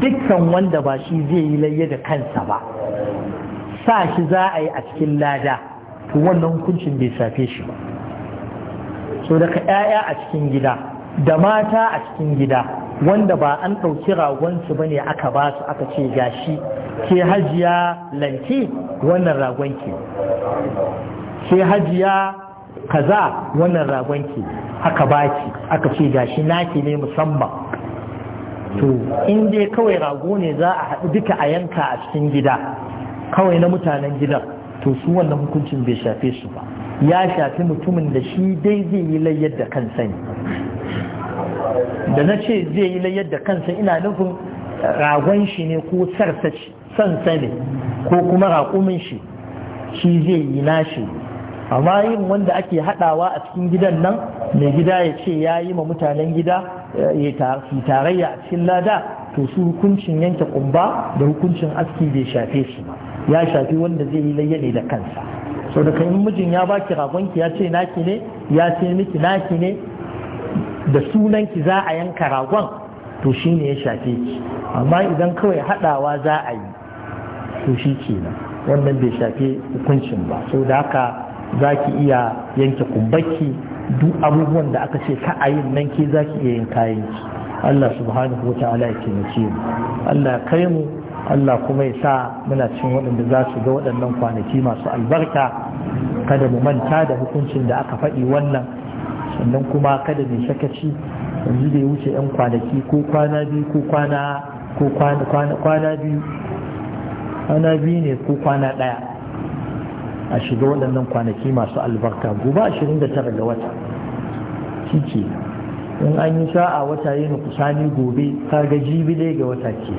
dukkan wanda ba shi zai yi layya da kansa ba sa shi za a yi a cikin lada to wannan hukuncin bai safe shi ba so daga 'ya'ya a cikin gida da mata a cikin gida wanda ba an ɗauki ragonsu ba ne aka ba su aka ce gashi ke hajiya lanti wannan ragon ke ke hajiya kaza wannan ragon ke aka baki aka ce gashi naki ne musamman to in dai kawai rago ne za a haɗu duka a yanka a cikin gida kawai na mutanen gidan to su wannan hukuncin bai shafe su ba ya shafi mutumin da shi dai zai yi layyar da kansa ne da na ce zai yi layyar da kansa ina nufin ragon shi ne ko sarsa ne ko kuma raƙumin shi shi zai yi nashi amma yin wanda ake hadawa a cikin gidan nan mai gida ya ce ya yi ma mutanen gida eh, ya tarayya a cikin lada to su hukuncin yanke kumba da hukuncin aski bai shafe su ba ya shafi wanda zai yi layya da kansa Sau da kan mijin ya baki ragonki ya ce naki ne ya ce miki naki ne da sunanki za a yanka ragon to shi ne ya shafe ki amma idan kawai hadawa za a yi to shi kenan wannan bai shafe hukuncin ba so da haka za ki iya yanke kubbaki duk abubuwan da aka ce ka a yin nan ke za ki iya yin kayan ki Allah subhanahu wa ta'ala ya taimake mu Allah ya kai mu Allah kuma ya sa muna cikin waɗanda za su ga waɗannan kwanaki masu albarka kada mu manta da hukuncin da aka faɗi wannan sannan kuma kada mai shakaci yanzu da ya wuce 'yan kwanaki ko kwana biyu ko kwana ko kwana biyu kwana biyu ne ko kwana ɗaya a shiga waɗannan kwanaki masu albarka gobe 29 ga wata ciki in an yi sa'a wata yi na kusani gobe kaga ga jibile ga wata ke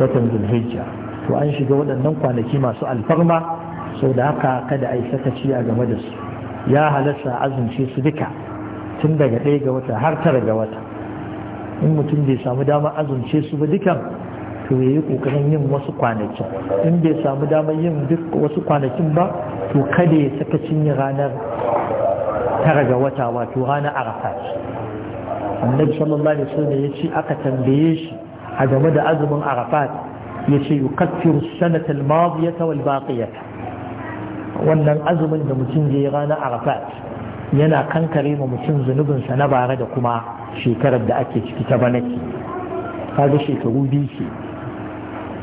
watan zulhijja to an shiga waɗannan kwanaki masu alfarma sau da haka kada a yi sakaci a game da su ya halarta azumce su duka tun daga ɗaya ga wata har tara ga wata in mutum bai samu damar azumce su ba dukan to ya yi ƙoƙarin yin wasu kwanakin in bai samu damar yin duk wasu kwanakin ba to kada ya saka cinye ranar tara ga wata wato ranar arafa annabi sallallahu alaihi wasallam ya ce aka tambaye shi a game da azumin arafa ya ce yukaffiru sanata madiyata wal baqiyata wannan azumin da mutum ya yi ranar arafa yana kankare ma mutum zunubinsa na bara da kuma shekarar da ake ciki ta banaki kaga shekaru biyu ke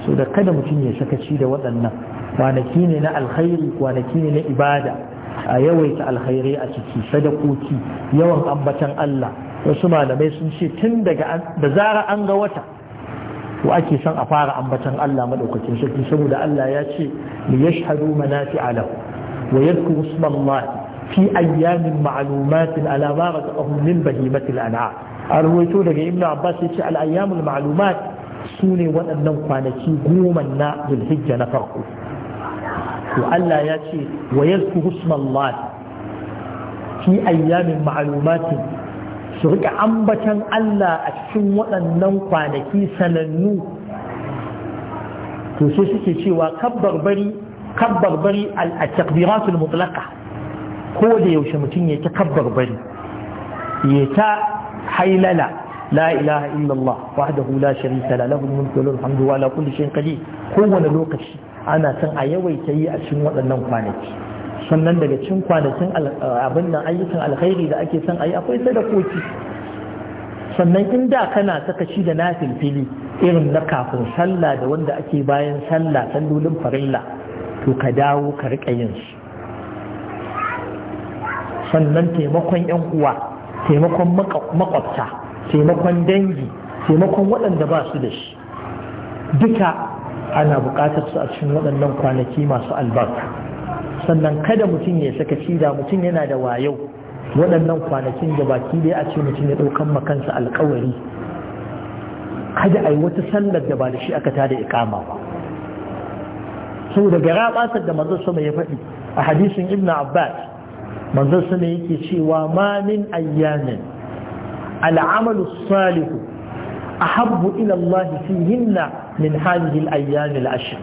so da kada mutum ya sakaci da waɗannan kwanaki ne na alkhairi kwanaki ne na ibada a yawaita alkhairai a ciki sadakoki yawan ambatan Allah wasu malamai sun ce tun daga da zara an ga wata ko ake son a fara ambatan Allah madaukakin sarki saboda Allah ya ce li yashhadu manafi'a lahu wa yadhkuru isma Allah fi ayyamin ma'lumatin ala ma razaqahum min bahimatil an'am arwaito daga ibnu abbas ce al ayyamul ma'lumat su ne waɗannan kwanaki goma na zulhijja na farko to Allah ya ce wa yazku husmallah fi ayyamin ma'lumatin su rika ambatan Allah a cikin waɗannan kwanaki sanannu to sai suke cewa kabbar bari kabbar bari al-takbiratul mutlaqa ko da yaushe mutum ya ta kabbar bari ya ta hailala la ilaha illallah wahdahu hula sharika la lahu mulku wa hamdu wa ala kulli shay'in kowane lokaci ana son a yawaita yi a cikin waɗannan kwanaki sannan daga cin kwanakin abin nan ayyukan alkhairi da ake son ayi akwai sadakoki sannan in da kana shi da na filfili irin na kafin sallah da wanda ake bayan sallah sallolin farilla to ka dawo ka riƙa yin su sannan taimakon 'yan uwa taimakon makwabta taimakon dangi taimakon waɗanda ba su da shi duka ana buƙatar su a cikin waɗannan kwanaki masu albarka sannan kada mutum ya saka da mutum yana da wayau waɗannan kwanakin da baki dai a ce mutum ya ɗaukan makansa alkawari kada a yi wata sallar da ba da shi aka da ikama ba saboda gara basar da manzon sama ya faɗi a hadisin ibn abbas manzon sama yake cewa ma min ayyamin العمل الصالح أحب إلى الله "hinna من هذه الأيام العشر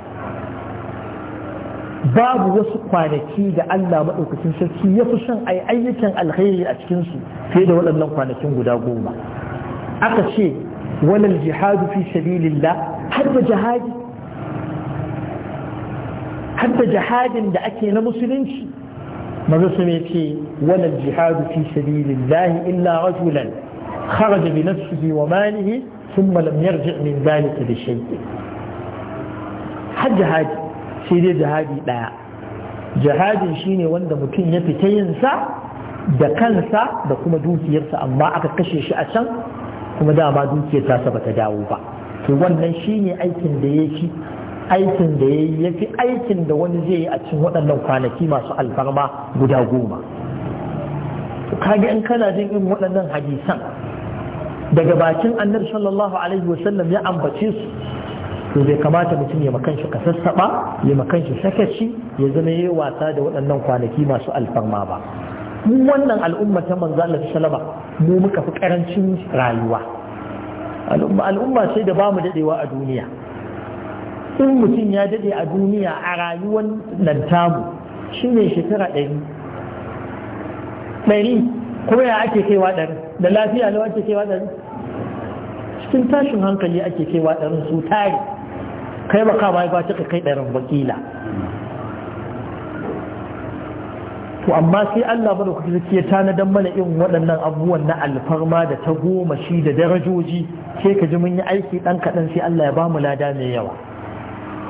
babu wasu kwanaki da Allah maɗaukacin sarki ya fi son ai ayyukan alkhairi a cikinsu fiye da waɗannan kwanakin guda goma aka ce walal jihadu fi sabilillah har da jihadin da ake na musulunci maza su ce walal jihadu fi sabilillah illa rajulan خرج بنفسه وماله ثم لم يرجع من ذلك بشيء har jihadi sai dai jihadi ɗaya jihadin shine wanda mutum ya fita yinsa da kansa da kuma dukiyarsa amma aka kashe shi a can kuma dama dukiyar tasa bata dawo ba to wannan shine aikin da ya fi aikin da aikin da wani zai yi a cikin waɗannan kwanaki masu alfarma guda goma kaga in kana jin irin waɗannan hadisan daga bakin annabi sallallahu alaihi wasallam ya ambace su to bai kamata mutum ya makanshi kasassaba ya makanshi sakaci ya zama yayi wasa da waɗannan kwanaki masu alfarma ba mu wannan al'umma ta manzo Allah sallama mu muka fi karancin rayuwa al'umma al'umma sai da bamu dadewa a duniya in mutum ya dade a duniya a rayuwar nan tamu shine shekara ɗari ɗari kuma ya ake kaiwa ɗari da lafiya lawa ake kaiwa ɗari cikin tashin hankali ake kaiwa ɗarin su tari kai ba kama ba ta kai ɗarin wakila to amma sai Allah ba da kuka tana dan mana irin waɗannan abubuwan na alfarma da ta goma shi da darajoji sai ka ji mun yi aiki ɗan kaɗan sai Allah ya ba mu lada mai yawa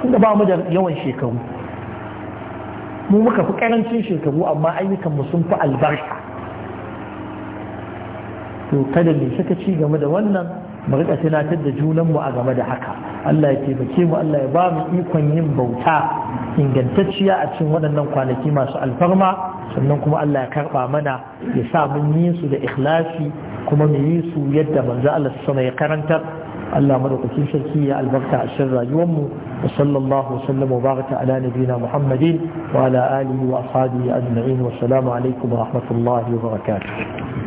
tunda ba mu da yawan shekaru mu muka fi ƙarancin shekaru amma ayyukanmu sun fi albarka to kada mai suka ci game da wannan mu rika tunatar da junanmu a game da haka Allah ya taimake mu Allah ya ba mu ikon yin bauta ingantacciya a cikin waɗannan kwanaki masu alfarma sannan kuma Allah ya karɓa mana ya sa mun yi su da ikhlasi kuma mu yi su yadda manzo Allah sama ya karantar Allah madaukakin sarki ya albarka a cikin rayuwarmu wa sallallahu wasallam wa baraka ala nabiyina Muhammadin wa ala alihi wa ashabihi ajma'in wa assalamu alaikum wa rahmatullahi wa barakatuh